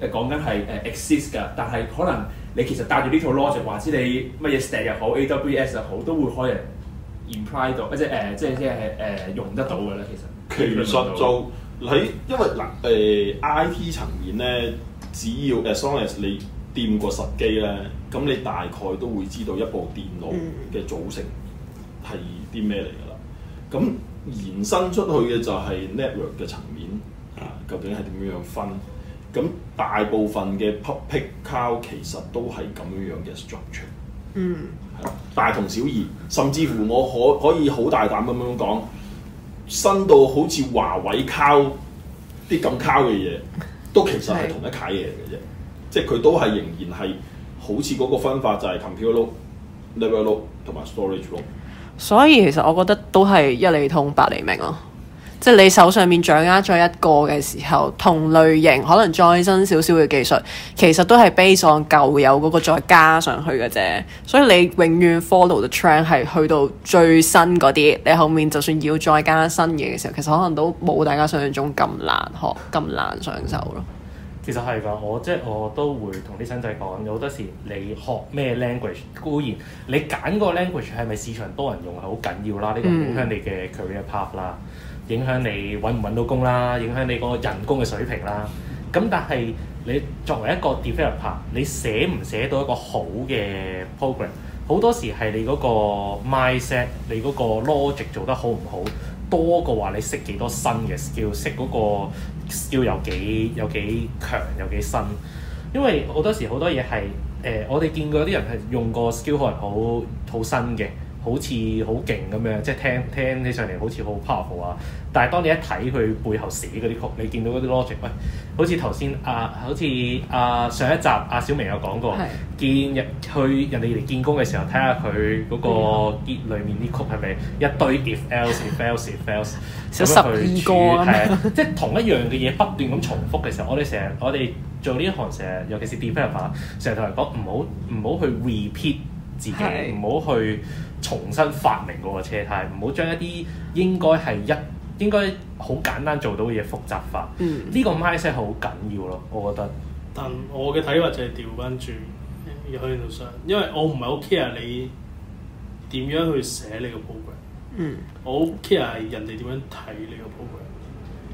Speaker 3: 誒講緊係誒 exist 㗎，但係可能你其實帶住呢套 logic 話知你乜嘢 stack 又好 AWS 又好，都會可以 imply 到，或者呃、即係誒即係即係誒用
Speaker 2: 得到嘅咧。其實其實做，喺因為嗱誒、呃、IT 層面咧，只要 as long as 你掂過實機咧，咁你大概都會知道一部電腦嘅組成係啲咩嚟㗎啦。咁、嗯、延伸出去嘅就係 network 嘅層面啊，究竟係點樣樣分？咁大部分嘅 public cloud 其實都係咁樣樣嘅 structure，嗯，係大同小異，甚至乎我可可以好大膽咁樣講，伸到好似華為 cloud 啲咁 cloud 嘅嘢，都其實係同一 tier 嘢嘅啫，即係佢都係仍然係好似嗰個分法就係 compute load、network load 同埋 storage load。
Speaker 5: 所以其實我覺得都係一嚟通百嚟明咯。即係你手上面掌握咗一個嘅時候，同類型可能再新少少嘅技術，其實都係 base on 舊有嗰個再加上去嘅啫。所以你永遠 follow the trend 係去到最新嗰啲，你後面就算要再加新嘢嘅時候，其實可能都冇大家想象中咁難學、咁難上手咯。
Speaker 1: 其實係㗎，我即係我都會同啲新仔講，有好多時你學咩 language，固然你揀個 language 係咪市場多人用係好緊要啦，呢個影響你嘅 career path 啦。影響你揾唔揾到工啦，影響你個人工嘅水平啦。咁但係你作為一個 developer，你寫唔寫到一個好嘅 program，好多時係你嗰個 mindset，你嗰個 logic 做得好唔好，多過話你識幾多新嘅 skill。識嗰個 skill 有幾有幾強有幾新。因為好多時好多嘢係誒，我哋見過啲人係用過 skill 可能好好新嘅。好似好勁咁樣，即係聽聽起上嚟好似好 powerful 啊！但係當你一睇佢背後寫嗰啲曲，你見到嗰啲 logic，喂，好似頭先啊，好似啊上一集阿、啊、小明有講過，是見入去人哋嚟見工嘅時候，睇下佢嗰個結裏、嗯、面啲曲係咪一堆 if else if else if else 想去主題，即係、就是、同一樣嘅嘢不斷咁重複嘅時候，我哋成日我哋做呢一行成日，尤其是 developer 成日同人講唔好唔好去 repeat 自己，唔好是去。重新發明嗰個車胎，唔好將一啲應該係一應該好簡單做到嘅嘢複雜化。呢、嗯、個 mindset 好緊
Speaker 4: 要咯，我覺得。但我嘅睇法就係調翻轉，又可以因為我唔係好 care 你點樣去寫你個 program。嗯，我 care 人哋點樣睇你個 program。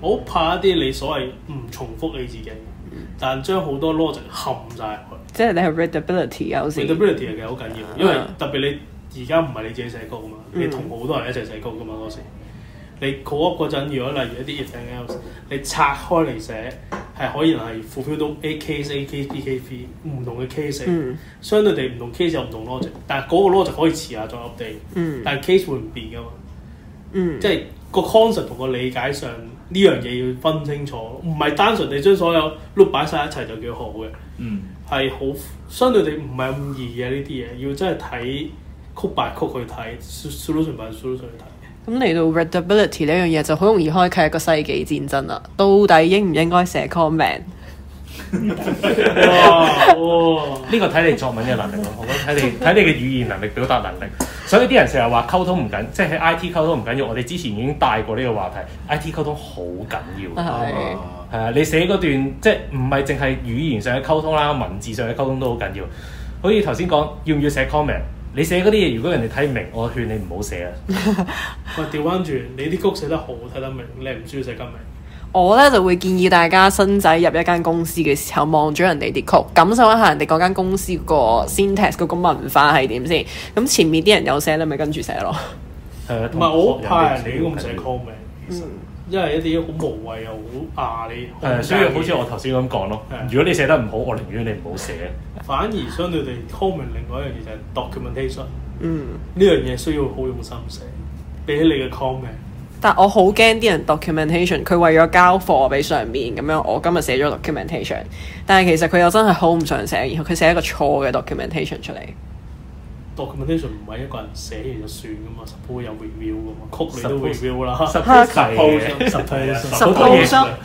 Speaker 4: 我好怕一啲你所謂唔重複你自己，嗯、但將好多 logic 冚晒入去。嗯、
Speaker 5: 即係你係 readability 有好 readability
Speaker 4: 係其實好緊要，啊、因為特別你。而家唔係你自己寫稿啊嘛，嗯、你同好多人一齊寫稿噶嘛嗰時。你組曲嗰陣，如果例如一啲 if and else，你拆開嚟寫係可以係 fulfill 到 A case A K B K C 唔同嘅 case，嗯、相對地唔同 case 有唔同 logic，但係嗰個 logic 可以遲下再 update、嗯。但係 case 會唔變噶嘛？即係、嗯、個 concept 同個理解上呢樣嘢要分清楚，唔係單純地將所有 note 擺晒一齊就叫好嘅。嗯，係好相對地唔係咁易嘅呢啲嘢，要真係睇。曲
Speaker 5: 白曲去睇，solution 白 solution 去睇。咁嚟到 readability 呢樣嘢，就好容易開啟一個世紀戰爭啦。到底應唔應該寫 comment？
Speaker 1: 哇！呢 個睇你作文嘅能力咯，我覺得睇你睇你嘅語言能力、表達能力。所以啲人成日話溝通唔緊，即係 I T 溝通唔緊要。我哋之前已經帶過呢個話題，I T 溝通好緊要。係啊是，你寫嗰段即係唔係淨係語言上嘅溝通啦，文字上嘅溝通都好緊要。好似頭先講，要唔要寫 comment？你寫嗰啲嘢，如果人哋睇唔明，我勸你唔 好寫啊！我
Speaker 4: 調翻轉，你啲曲寫得好，睇
Speaker 5: 得明，你唔需要寫咁明。我咧就會建議大家新仔入一間公司嘅時候，望咗人哋啲曲，感受一下人哋嗰間公司個 syntax 嗰個文化係點先。咁前面啲人有寫你咪跟住寫咯。係啊，同
Speaker 4: 埋我派人哋都唔寫 comment。嗯因為一啲好無謂又好亞、啊，你誒、嗯，所以好似我頭先咁講咯。的如果你寫得唔好，我寧
Speaker 1: 願你唔好寫。反而相對地，comment 另外一
Speaker 4: 樣嘢就係、是、documentation。嗯，呢樣嘢需要好用心寫，比起你嘅 comment。
Speaker 5: 但係我好驚啲人 documentation，佢為咗交貨俾上面咁樣，我今日寫咗 documentation，但係其實佢又真係好唔想寫，然後佢寫一個錯嘅 documentation 出嚟。
Speaker 4: Documentation 唔係一個人寫完就算㗎嘛，suppose 有 review 㗎嘛，曲你都 review 啦，十鋪嘅，十鋪嘢，十鋪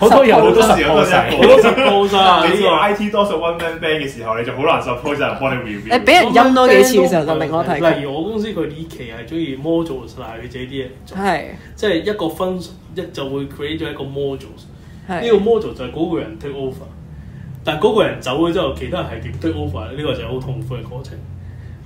Speaker 4: 好多嘢，好多事，好多嘢，好多十鋪嘅。你用 IT 多數 one man band 嘅時
Speaker 3: 候，你就好難 suppose 就人幫你 review。你俾人陰多幾次嘅
Speaker 4: 時候就令我睇。例如我公司佢呢期係中意 modules 嚟寫啲嘢，係即係一個分一就會 create 咗一個 modules。呢個 module 就係嗰個人 take over，但嗰個人走咗之後，其他人係點 take over，呢個就係好痛苦嘅過程。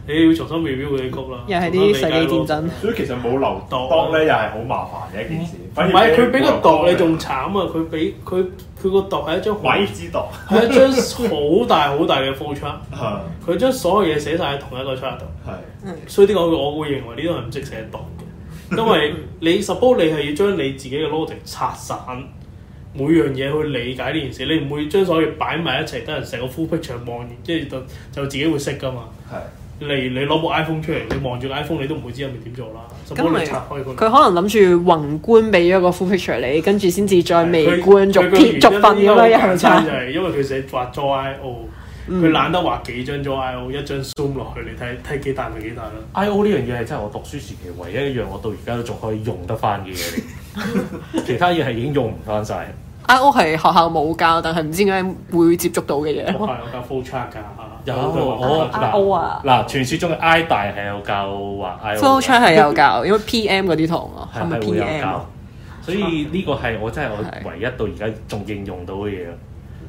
Speaker 4: 你要重新 review 啲歌啦，又係啲世紀戰爭。所以其實冇留檔，檔咧又係好麻煩嘅一件事。唔係佢俾個檔你仲慘啊！佢俾佢佢個檔係一張鬼之檔，係一張好大好大嘅 full chart。嚇！佢將所有嘢寫晒喺同一個 chart 度。係，所以啲我我會認為呢啲人唔識寫檔嘅，因為你 suppose 你係要將你自己嘅 logic 拆散，每樣嘢去理解呢件事，你唔會將所有嘢擺埋一齊，等人成個 full picture 望完，即係就自己會識噶嘛。係。嚟你攞部 iPhone 出嚟，你望住 iPhone，你都唔會知入面點做啦。咁拆開佢
Speaker 5: 可能諗住宏觀俾咗個 full picture 你，跟住先至再微觀逐結逐分咯。一樣差就係
Speaker 4: 因為佢寫畫 IO，佢懶得畫幾張 IO，一張 zoom 落去你睇睇幾大咪幾大咯。IO 呢樣嘢係真係我讀書時期唯一一樣我到而家都仲可以用得翻嘅
Speaker 1: 嘢嚟。其他嘢係已經用唔翻晒。
Speaker 5: I O 係學校冇教，但係唔知點解會接觸到嘅嘢。
Speaker 4: 我學校有教 full track
Speaker 1: 噶，有啊。Oh, oh, I o, I o 啊，嗱，傳說中嘅 I 大係有教或 I O。Full track 係有
Speaker 5: 教，因為 P M 嗰啲堂啊，係咪 P M？
Speaker 1: 所以呢個係我真係我唯一到而家仲應用到嘅嘢。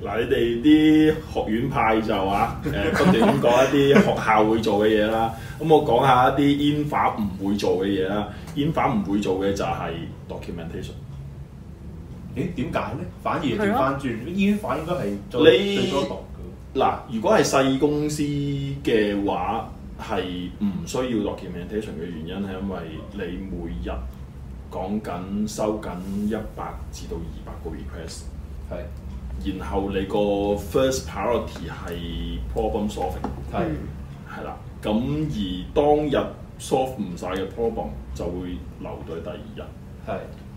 Speaker 2: 嗱， 你哋啲學院派就話，誒、呃，今日咁講一啲學校會做嘅嘢啦。咁 我講下一啲煙花唔會做嘅嘢啦。煙花唔會做嘅就係 documentation。誒，點解咧？反而轉翻
Speaker 3: 轉，醫院你反應該
Speaker 2: 係最多檔嘅。嗱，如果係細公司嘅話，係唔需要落 documentation 嘅原因係因為你每日講緊收緊一百至到二百個 request，係的，然後你個 first priority 係 problem solving，係的，係啦，咁、嗯、而當日 solve 唔晒嘅 problem 就會留待第二日，係。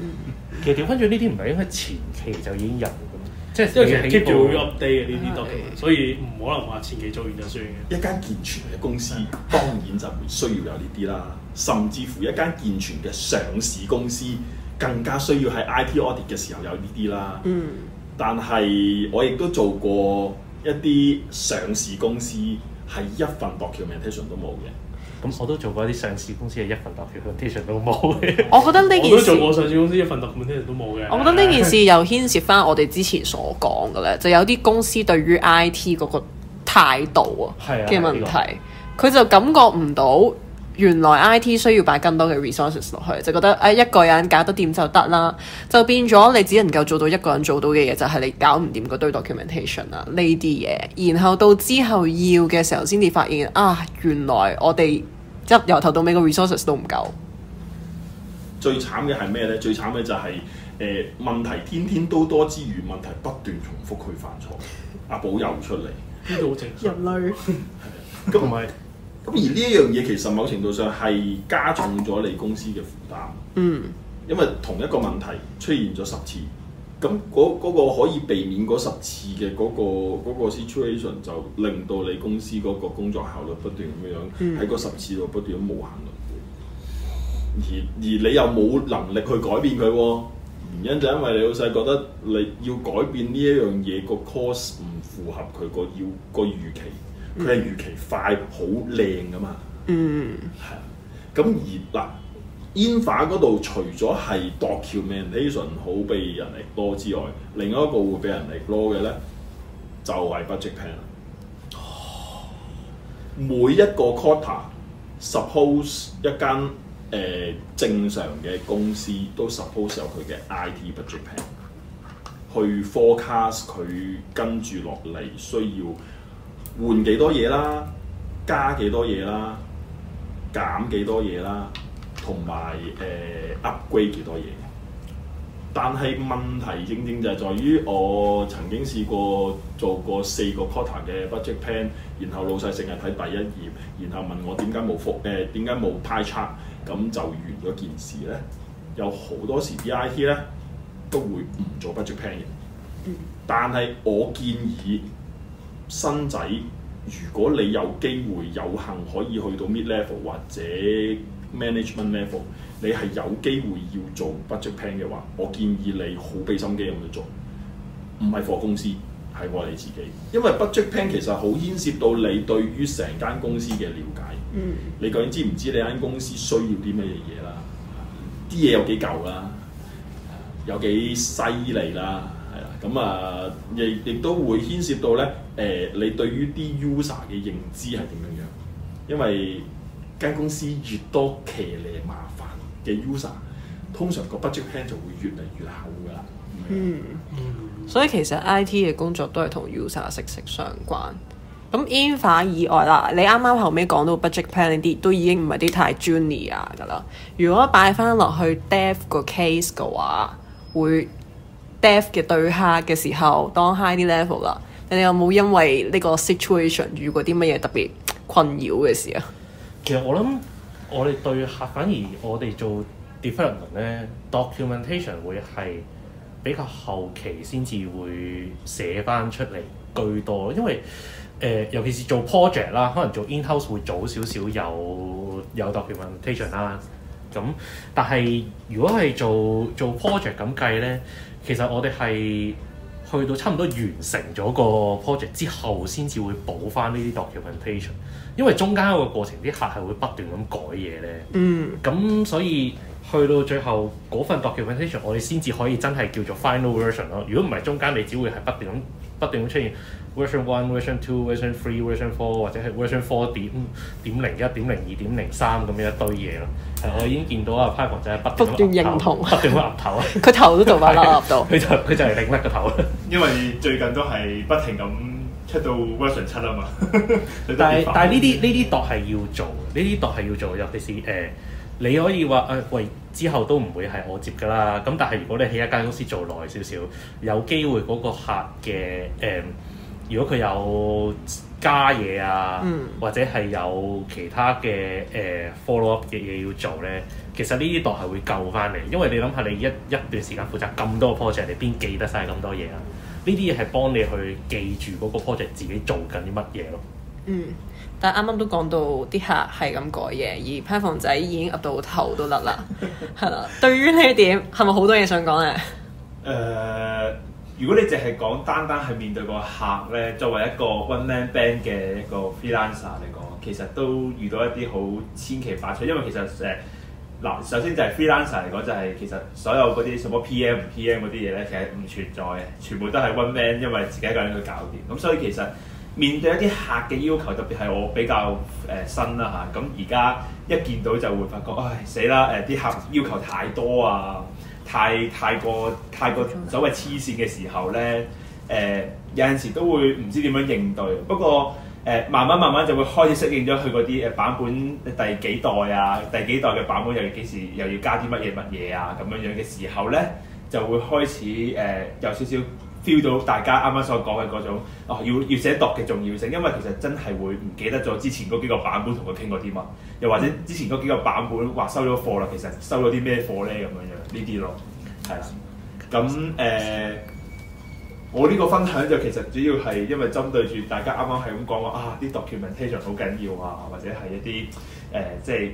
Speaker 4: 嗯、其實調翻
Speaker 1: 轉呢啲唔係應該
Speaker 2: 前期就已經有咁，即係因為 keep 住會 update 嘅呢啲都。所以唔可能話前期做完就算嘅。一間健全嘅公司的當然就會需要有呢啲啦，甚至乎一間健全嘅上市公司更加需要喺 IT audit 嘅時候有呢啲啦。嗯，但係我亦都做過一啲上市公司係一份 documentation 都冇嘅。咁、嗯、我都做
Speaker 1: 過一啲上市公司嘅一份 documentation 都冇嘅。我覺得呢件事我都做過上市公司一份 documentation 都冇嘅。我覺得呢件事
Speaker 5: 又牽涉返我哋之前所講嘅咧， 就有啲公司對於 I T 嗰個態度啊嘅問題，佢、啊、就感覺唔到原來 I T 需要擺更多嘅 resources 落去，就覺得誒一個人搞得掂就得啦，就變咗你只能夠做到一個人做到嘅嘢，就係、是、你搞唔掂嗰堆 documentation 啊呢啲嘢，然後到之後要嘅時候先至發現啊，原來我哋即由頭到尾個 resources 都唔夠，
Speaker 2: 最慘嘅係咩咧？最慘嘅就係誒問題天天都多之餘，問題不斷重複佢犯錯，阿寶又出嚟，呢度好正，
Speaker 4: 人類 ，
Speaker 2: 咁唔係咁而呢一樣嘢，其實某程度上係加重咗你公司嘅負擔，嗯，因為同一個問題出現咗十次。咁嗰、嗰個可以避免嗰十次嘅嗰、嗰個嗰個 situation 就令到你公司嗰個工作效率不斷咁樣喺嗰十次度不斷咁無限輪迴，而而你又冇能力去改變佢喎，原因就係因為你老細覺得你要改變呢一樣嘢個 course 唔符合佢個要個預期，佢係預期快好靚噶嘛，嗯，係咁而嗱。煙化嗰度除咗係 documentation 好被人嚟多之外，另一個會俾人嚟多嘅咧，就係、是、budget plan，每一個 quarter suppose 一間誒、呃、正常嘅公司都 suppose 有佢嘅 IT budget plan 去 forecast 佢跟住落嚟需要換幾多嘢啦，加幾多嘢啦，減幾多嘢啦。同埋誒 upgrade 幾多嘢？但係問題正正就係在於，我曾經試過做過四個 quarter 嘅 budget plan，然後老細成日睇第一頁，然後問我點解冇覆，誒點解冇派測，咁、呃、就完咗件事咧。有好多時 B I T 咧都會唔做 budget plan 嘅，但係我建議新仔，如果你有機會有幸可以去到 mid level 或者。Management level，你係有機會要做 budget plan 嘅話，我建議你好俾心機咁去做，唔係貨公司係我哋自己，因為 budget plan 其實好牽涉到你對於成間公司嘅了解，嗯、你究竟知唔知你間公司需要啲咩嘢嘢啦？啲嘢有幾舊啦，有幾犀利啦，係啦，咁、嗯、啊、呃、亦亦都會牽涉到咧，誒、呃、你對於啲 user 嘅認知係點樣樣，因為。間公司越多騎呢麻煩嘅 user，通常個 budget plan 就會越嚟越
Speaker 5: 厚噶啦。嗯，嗯，所以其實 IT 嘅工作都係同 user 息息相關。咁 infra 以外啦，你啱啱後尾講到 budget plan 呢啲，都已經唔係啲太 junior 噶啦。如果擺翻落去 dev 個 case 嘅話，會 dev 嘅對客嘅時候，當 high 啲 level 啦。你哋有冇因為呢個 situation 遇過啲乜嘢特別困擾嘅事啊？
Speaker 1: 其實我諗，我哋對客反而我哋做 development 咧，documentation 會係比較後期先至會寫翻出嚟居多，因為誒、呃，尤其是做 project 啦，可能做 in-house 會早少少有有 documentation 啦。咁，但係如果係做做 project 咁計咧，其實我哋係去到差唔多完成咗個 project 之後，先至會補翻呢啲 documentation。因為中間個過程啲客係會不斷咁改嘢咧，咁、嗯、所以去到最後嗰份 documentation，我哋先至可以真係叫做 final version 咯。如果唔係，中間你只會係不斷咁不斷會出現 version one、version two、version three、version four 或者係 version four 點點零一點零二點零三咁樣一堆嘢咯。係，我已經見到阿 Patrick 仔不斷咁認同，不斷咁岌頭啊。佢頭， 頭都做埋笠笠到，佢 就佢就係擰甩個頭。 因為最近都係不停咁。出到 version 七啊嘛，但係但係呢啲呢啲度係要做，呢啲度係要做。尤其是誒、呃，你可以話誒、呃、喂，之後都唔會係我接㗎啦。咁但係如果你喺一間公司做耐少少，有機會嗰個客嘅誒、呃，如果佢有加嘢啊，嗯、或者係有其他嘅誒、呃、follow up 嘅嘢要做咧，其實呢啲度係會救翻嚟，因為你諗下，你一一段時間負責咁多 project，你邊記得晒咁多嘢啊？呢啲嘢係幫你去記住嗰個 project 自己做緊啲乜嘢咯。嗯，
Speaker 5: 但係啱啱都講到啲客係咁改嘢，而批房仔已經 up 到頭都甩啦，係啦。 對於是是呢一點，係咪好多嘢想講咧？
Speaker 3: 誒，如果你淨係講單單係面對個客咧，作為一個 one man band 嘅一個 freelancer 嚟講，其實都遇到一啲好千奇百趣，因為其實誒。呃嗱，首先就係 freelancer 嚟講，就係、是、其實所有嗰啲什麼 PM、PM 嗰啲嘢咧，其實唔存在嘅，全部都係 one man，因為自己一個人去搞掂。咁所以其實面對一啲客嘅要求，特別係我比較誒新啦嚇，咁而家一見到就會發覺，唉，死啦！誒啲、呃、客要求太多啊，太太過太過所謂黐線嘅時候咧，誒、呃、有陣時都會唔知點樣應對。不過，誒慢慢慢慢就會開始適應咗佢嗰啲誒版本第幾代啊，第幾代嘅版本又要幾時又要加啲乜嘢乜嘢啊咁樣樣嘅時候咧，就會開始誒、呃、有少少 feel 到大家啱啱所講嘅嗰種哦，要要寫篤嘅重要性，因為其實真係會唔記得咗之前嗰幾個版本同佢傾過啲乜，又或者之前嗰幾個版本話收咗貨啦，其實收咗啲咩貨咧咁樣樣呢啲咯，係啦，咁誒。我呢個分享就其實主要係因為針對住大家啱啱係咁講話啊啲 documentation 好緊要啊，或者係一啲誒、呃、即係誒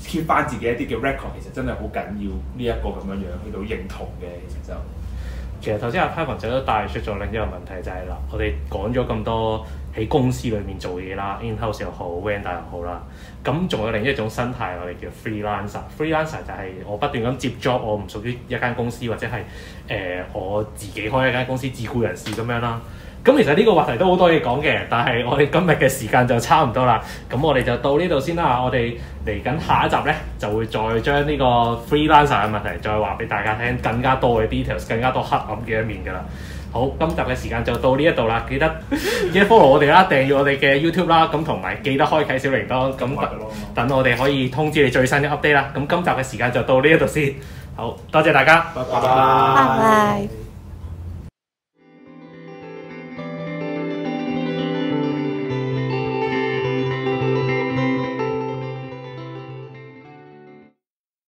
Speaker 3: keep 翻自己一啲嘅 record，其實真係好緊要呢一個咁樣樣去到認同嘅，其實就
Speaker 1: 其實頭先阿 Kevin 仔都帶出咗另一個問題就係啦，我哋講咗咁多，喺公司裏面做嘢啦，in-house 又好，vendor 又好啦。咁仲有另一種生態，我哋叫 freelancer。freelancer 就係我不斷咁接 job，我唔屬於一間公司或者係誒、呃、我自己開一間公司自雇人士咁樣啦。咁、嗯、其實呢個話題都好多嘢講嘅，但係我哋今日嘅時間就差唔多啦。咁我哋就到呢度先啦。我哋嚟緊下一集咧，就會再將呢個 freelancer 嘅問題再話俾大家聽，更加多嘅 details，更加多黑暗嘅一面㗎啦。好，今集嘅時間就到呢一度啦，記得記 follow 我哋啦，訂閱 我哋嘅 YouTube 啦，咁同埋記得開啟小鈴鐺，咁等我哋可以通知你最新嘅 update 啦。咁今集嘅時間就到呢一度先，好多謝大家，拜拜。